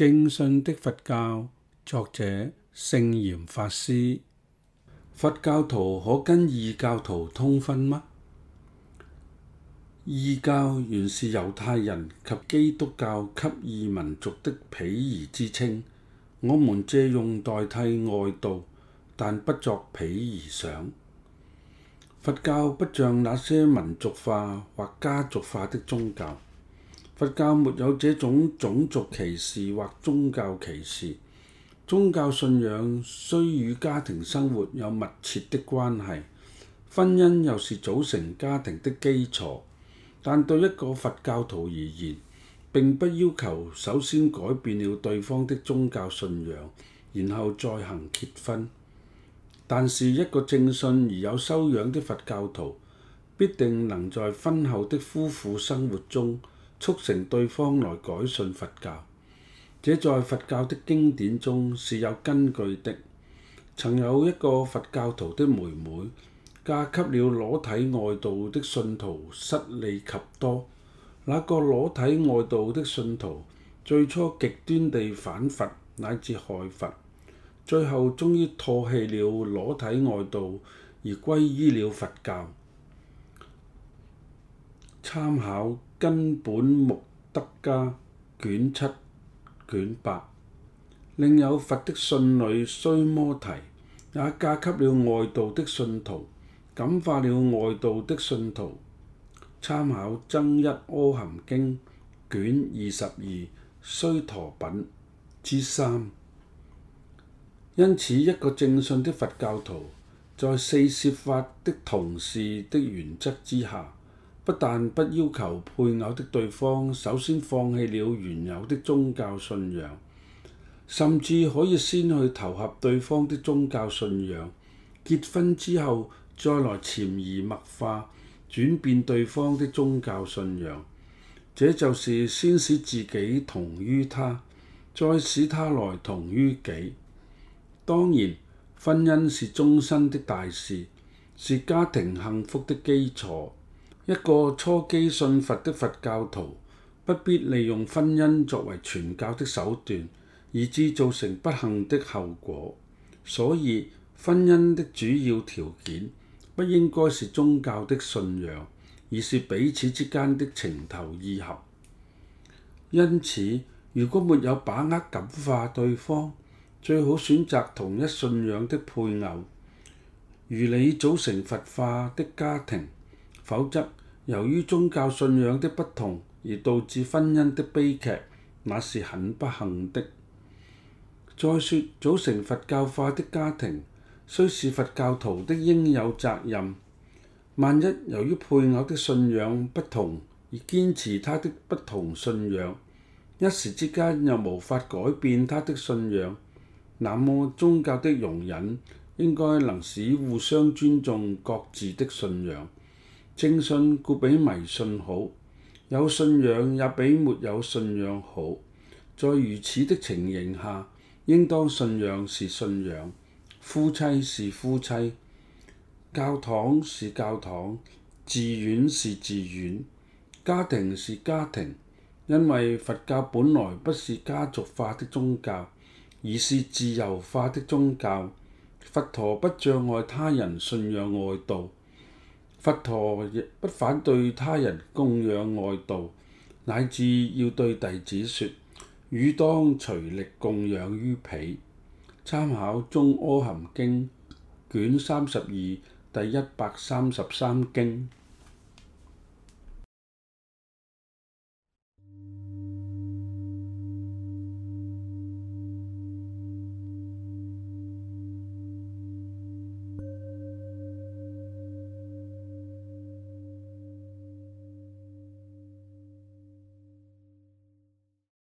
正信的佛教，作者聖嚴法師。佛教徒可跟異教徒通婚嗎？異教原是猶太人及基督教給異民族的鄙夷之稱。我們借用代替外道，但不作鄙夷想。佛教不像那些民族化或家族化的宗教。佛教沒有這種種族歧視或宗教歧視。宗教信仰雖與家庭生活有密切的關係，婚姻又是組成家庭的基礎。但對一個佛教徒而言，並不要求首先改變了對方的宗教信仰，然後再行結婚。但是一個正信而有修養的佛教徒，必定能在婚後的夫婦生活中，促成對方來改信佛教，這在佛教的經典中是有根據的。曾有一個佛教徒的妹妹嫁給了裸體外道的信徒，失利及多。那個裸體外道的信徒最初極端地反佛乃至害佛，最後終於唾棄了裸體外道而歸依了佛教。參考根本目得迦卷七卷八，另有佛的信女須摩提也嫁給了外道的信徒，感化了外道的信徒。參考增一阿含經卷二十二須陀品之三。因此，一個正信的佛教徒，在四攝法的同事的原則之下，不但不要求配偶的對方首先放棄了原有的宗教信仰，甚至可以先去投合對方的宗教信仰，結婚之後再來潛移默化轉變對方的宗教信仰。這就是先使自己同於他，再使他來同於己。當然，婚姻是終身的大事，是家庭幸福的基礎。一個初基信佛的佛教徒，不必利用婚姻作為傳教的手段，以致造成不幸的後果。所以，婚姻的主要條件不應該是宗教的信仰，而是彼此之間的情投意合。因此，如果沒有把握感化對方，最好選擇同一信仰的配偶，如你組成佛化的家庭。否則，由於宗教信仰的不同而導致婚姻的悲劇，那是很不幸的。再說，組成佛教化的家庭，雖是佛教徒的應有責任，萬一由於配偶的信仰不同而堅持他的不同信仰，一時之間又無法改變他的信仰，那麼宗教的容忍應該能使互相尊重各自的信仰。正信固比迷信好，有信仰也比沒有信仰好。在如此的情形下，應當信仰是信仰，夫妻是夫妻，教堂是教堂，寺院是寺院，家庭是家庭。因為佛教本來不是家族化的宗教，而是自由化的宗教。佛陀不障礙他人信仰外道。佛陀亦不反對他人供養外道，乃至要對弟子說：汝當隨力供養於彼。參考《中阿含經》卷三十二第一百三十三經。